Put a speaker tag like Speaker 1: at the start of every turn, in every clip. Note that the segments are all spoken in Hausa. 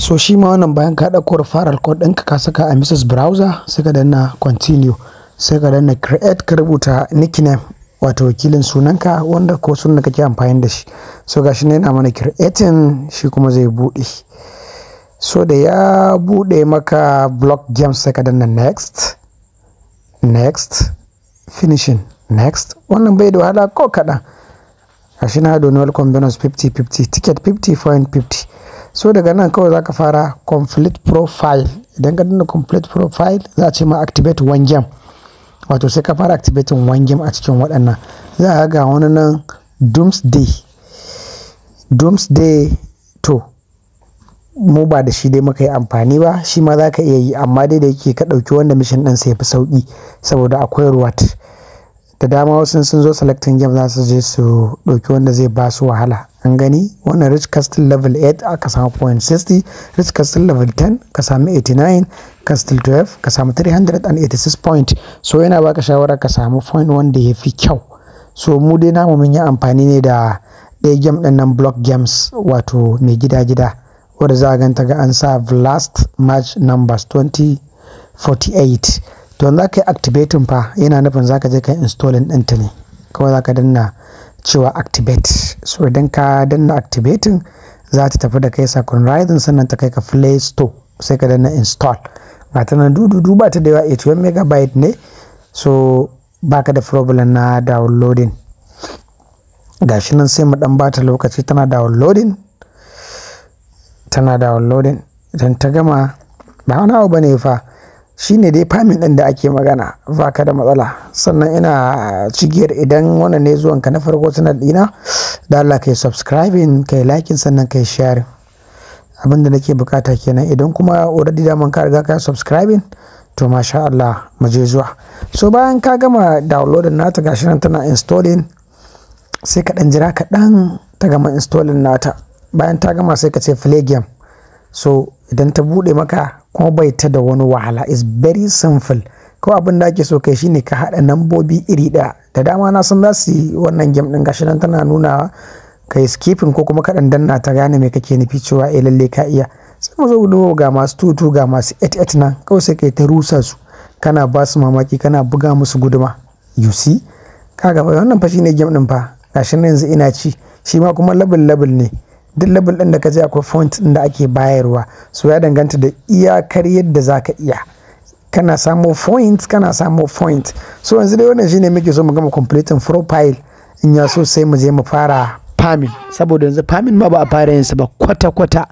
Speaker 1: so shi ma wannan bayan ka dauko referral code ɗinka ka saka a mrs browser sai ka danna continue sai ka danna create ka rubuta nickname wato wakilin sunanka wanda ko sunan kake amfani da shi so gashi ne yana mana creating shi kuma zai buɗe so da ya buɗe maka block games sai ka danna next next finishing next wannan bai da wahala ko kaɗan gashi na don welcome bonus 50 50 ticket 50 point 50 so daga nan kawai za ka fara complete profile idan ka danna complete profile za a ce ma activate one game wato sai ka fara activating one game a cikin waɗannan za a ga wani nan doomsday doomsday to mu ba da shi dai muka yi amfani ba shi ma za ka iya yi amma dai da yake ka ɗauki wanda mishin ɗin sai fi sauƙi saboda akwai ruwat da dama wasu sun zo selectin game za su je su ɗauki wanda zai ba su wahala an gani wannan rich castle level 8 aka samu point 60 rich castle level 10 ka samu 89 castle 12 ka samu 386 point so yana baka shawara ka samu point wanda ya fi kyau so mu dai namu mun yi amfani ne da ɗaya game ɗin nan block games wato mai gida-gida wadda za a ganta ga an sa last match numbers 2048 to za ka yi activating fa yana nufin za ka je ka installing ɗinta ne kawai za ka danna cewa activate so idan ka danna activating za ta tafi da kai sakon rising sannan ta kai ka play store sai ka danna install ga ta nan dudu ba ta da yawa 81 megabyte ne so ba ka da problem na downloading gashi nan sai mu dan bata lokaci tana downloading tana downloading idan ta gama ba wani abu bane fa shine dai famin ɗin da ake magana ba ka da matsala sannan ina cigiyar idan wannan ne zuwan ka na farko sanar dina da Allah kai subscribing kai liking sannan kai share abin da nake bukata kenan idan kuma already daman ka riga ka subscribing to masha Allah mu je zuwa so bayan ka gama downloading nata gashi nan tana installing sai ka dan jira kaɗan ta gama installing nata bayan ta gama sai ka ce play so idan ta bude maka kuma bai ta da wani wahala is very simple ko abin da ake so kai shine ka haɗa nambobi iri ɗaya da dama na san zasu yi wannan game din gashi nan tana nuna ka yi skipping ko kuma kaɗan danna ta gane mai kake nufi cewa eh lalle ka iya sai mu zo ga masu tutu ga masu 88 nan kawai sai kai ta rusa su kana ba su mamaki kana buga musu guduma you see kaga wannan fa shine game din fa gashi nan yanzu ina ci shi ma kuma label label ne duk labin ɗin da ka je akwai font ɗin da ake bayarwa so ya danganta da iyakar yadda za ka iya kana samo point kana samo point so yanzu dai wannan shine muke so mu gama completing profile in ya so sai mu je mu fara farming saboda yanzu farming ma ba a fara yinsa ba kwata-kwata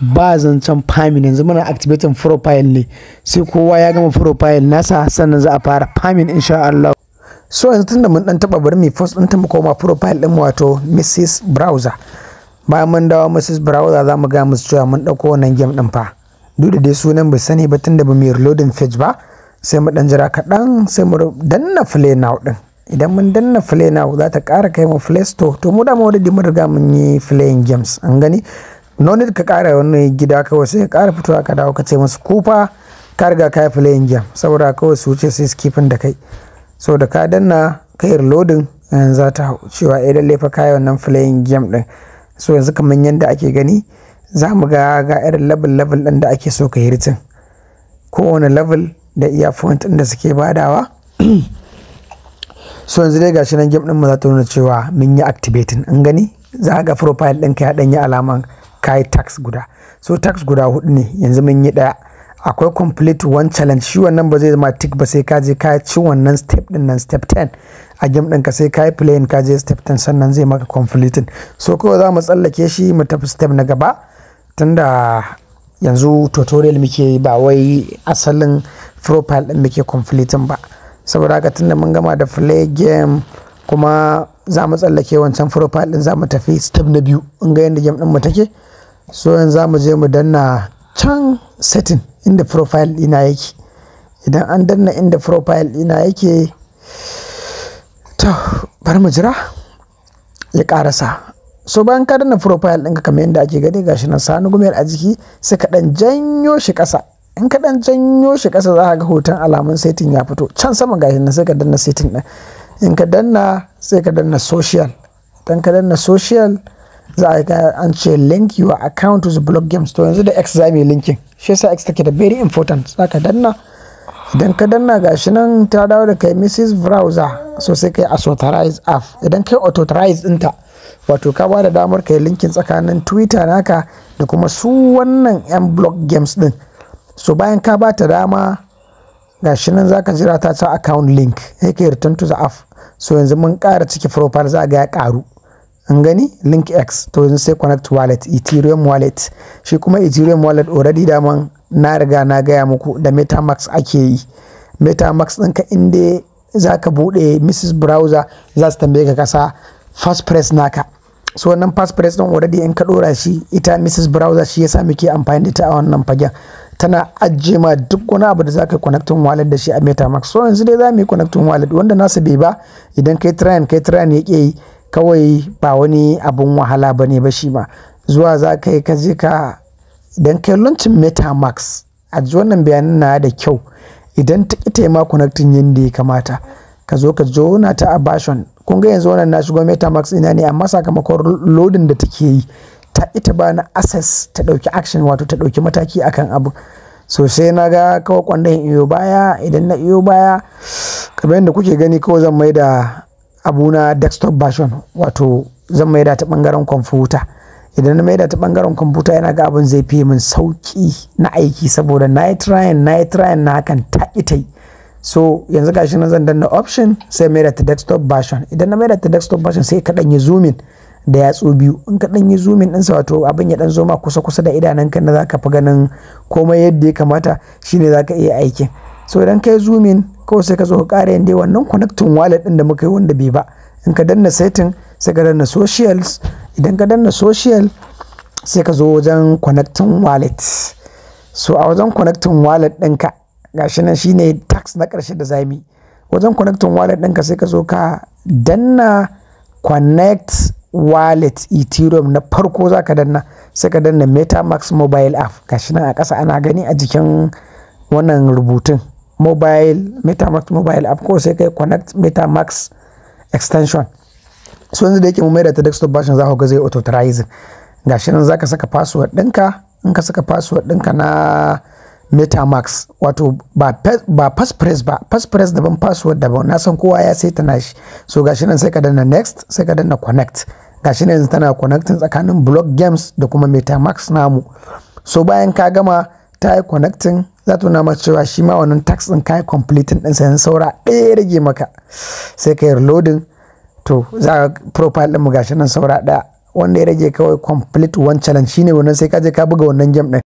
Speaker 1: ba zancen farming yanzu muna activating profile ne sai kowa ya gama profile nasa sannan za a fara farming insha Allah so yanzu tunda mun dan taba bari mai first din ta mu koma profile din wato Mrs Browser bayan mun dawo mrs brown za mu ga musu cewa mun dauko wannan game din fa duk da dai sunan bai sani ba tunda ba mu yi reloading page ba sai mu ɗan jira kaɗan sai mu danna play now ɗin idan mun danna play now za ta ƙara kai mu play store to mu da mu da mun riga mun yi playing games an gani no need ka ƙara wani gida kawai sai ka ƙara fitowa ka dawo ka ce musu kufa ka riga ka yi playing game saboda kawai su wuce sai skipping da kai so da ka danna kai reloading za ta hau cewa eh lalle fa kai wannan playing game din. so yanzu kamar yadda ake gani za mu ga ga irin level level ɗin da ake so ka yi ritin kowane level da iya point ɗin da suke badawa so yanzu dai gashi nan game ɗin mu za ta nuna cewa mun yi activating in gani za ga profile ɗinka ya ɗanyi alaman kai tax guda so tax guda hudu ne yanzu mun yi ɗaya akwai complete one challenge shi wannan ba zai zama tick ba sai ka je ka ci wannan step din nan step 10 a game ɗinka sai ka yi playing ka je step 10 sannan zai maka completing so kawai za mu tsallake shi mu tafi step na gaba tunda yanzu tutorial muke ba wai asalin profile din muke completing ba saboda haka tunda mun gama da play game kuma za mu tsallake wancan profile ɗin za mu tafi step na biyu in ga yadda game din mu take so yanzu za mu je mu danna can setting inda profile ina yake idan an danna inda profile ina yake to bar mu jira ya karasa so bayan ka danna profile ɗinka kamar yadda ake gani gashi nan sanu gumiyar a jiki sai ka ɗan janyo shi ƙasa in ka ɗan janyo shi ƙasa za ka ga hoton alamun setting ya fito can sama gashi nan sai ka danna setting ɗin in ka danna sai ka danna social dan ka danna social za a an ce link your account to the blog games to yanzu da x za mu yi linkin shi yasa x take da very important za ka danna idan ka danna gashi nan ta dawo da kai mrs browser so sai kai authorize app idan kai authorize dinta wato ka ba da damar kai linkin tsakanin twitter naka da kuma su wannan yan block games din so bayan ka bata dama gashi nan zaka jira ta ta account link sai kai return to the app so yanzu mun ƙara ciki profile za ga ya ƙaru an gani link x to yanzu sai connect wallet ethereum wallet shi kuma ethereum wallet already daman na riga na gaya muku da metamax ake yi metamax ɗinka inda za ka buɗe mrs browser za su tambaye ka kasa fast press naka so wannan fast press ɗin already in ka ɗora shi ita mrs browser shi yasa muke amfani da ta a wannan fagen tana ajiye ma duk wani abu da zaka ka connecting wallet da shi a metamax so yanzu dai za mu yi connecting wallet wanda nasa bai ba idan kai try kai try ya ke yi kawai ba wani abun wahala ba ne ba shi ma zuwa za ka yi ka je ka idan kai launcin metamax a ji wannan bayanin na da kyau idan ta ita taima connecting yadda ya kamata ka zo ka jona ta a bashon kun ga yanzu wannan na shigo metamax ina ne amma sakamakon lodin da take yi ta ita ba na access ta ɗauki action wato ta ɗauki mataki akan abu so sai na ga kawai kwandon iyo baya idan na iyo baya kamar yadda kuke gani kawai zan mai da Abu na desktop version wato zan maida ta bangaren kwamfuta idan na maida ta bangaren kwamfuta yana ga abin zai fiye min sauki na aiki saboda na yi trying na yi trying na hakan ta ita so yanzu gashi na zan danna option sai maida ta desktop version idan na maida ta desktop version sai ka dan yi zooming da yatsu biyu in ka dan yi zoomin ɗinsa wato abin ya dan zo kusa kusa da idanunka na zaka fi ganin komai yadda ya kamata shine zaka iya aikin so idan ka yi zoomin kawai sai ka zo ka ƙara yin dai wannan connecting wallet ɗin da muka yi wanda bai ba in ka danna setting sai ka danna socials idan ka danna social sai ka zo wajen connecting wallet so a wajen connecting wallet ɗinka gashi nan shine tax na ƙarshe da zami wajen connecting wallet ɗinka sai ka zo ka danna connect wallet ethereum na farko za ka danna sai ka danna metamax mobile app gashi nan a ƙasa ana gani a jikin wannan rubutun mobile metamax mobile app ko sai kai connect metamax extension so yanzu da yake mu maida ta desktop version za ku ga zai auto authorizing gashi nan zaka saka password ɗinka in ka saka password ɗinka na metamax wato ba ba passphrase ba passphrase daban password daban na san kowa ya sai tana shi so gashi nan sai ka danna next sai ka danna connect gashi nan yanzu tana connecting tsakanin block games da kuma metamax namu so bayan ka gama ta yi connecting za ta nuna masa cewa shi ma wannan tax din kai completing din sai saura ɗaya rage maka sai ka yi reloading to za ka profile din mu gashi nan saura ɗaya wanda ya rage kawai complete one challenge shine wannan sai ka je ka buga wannan game din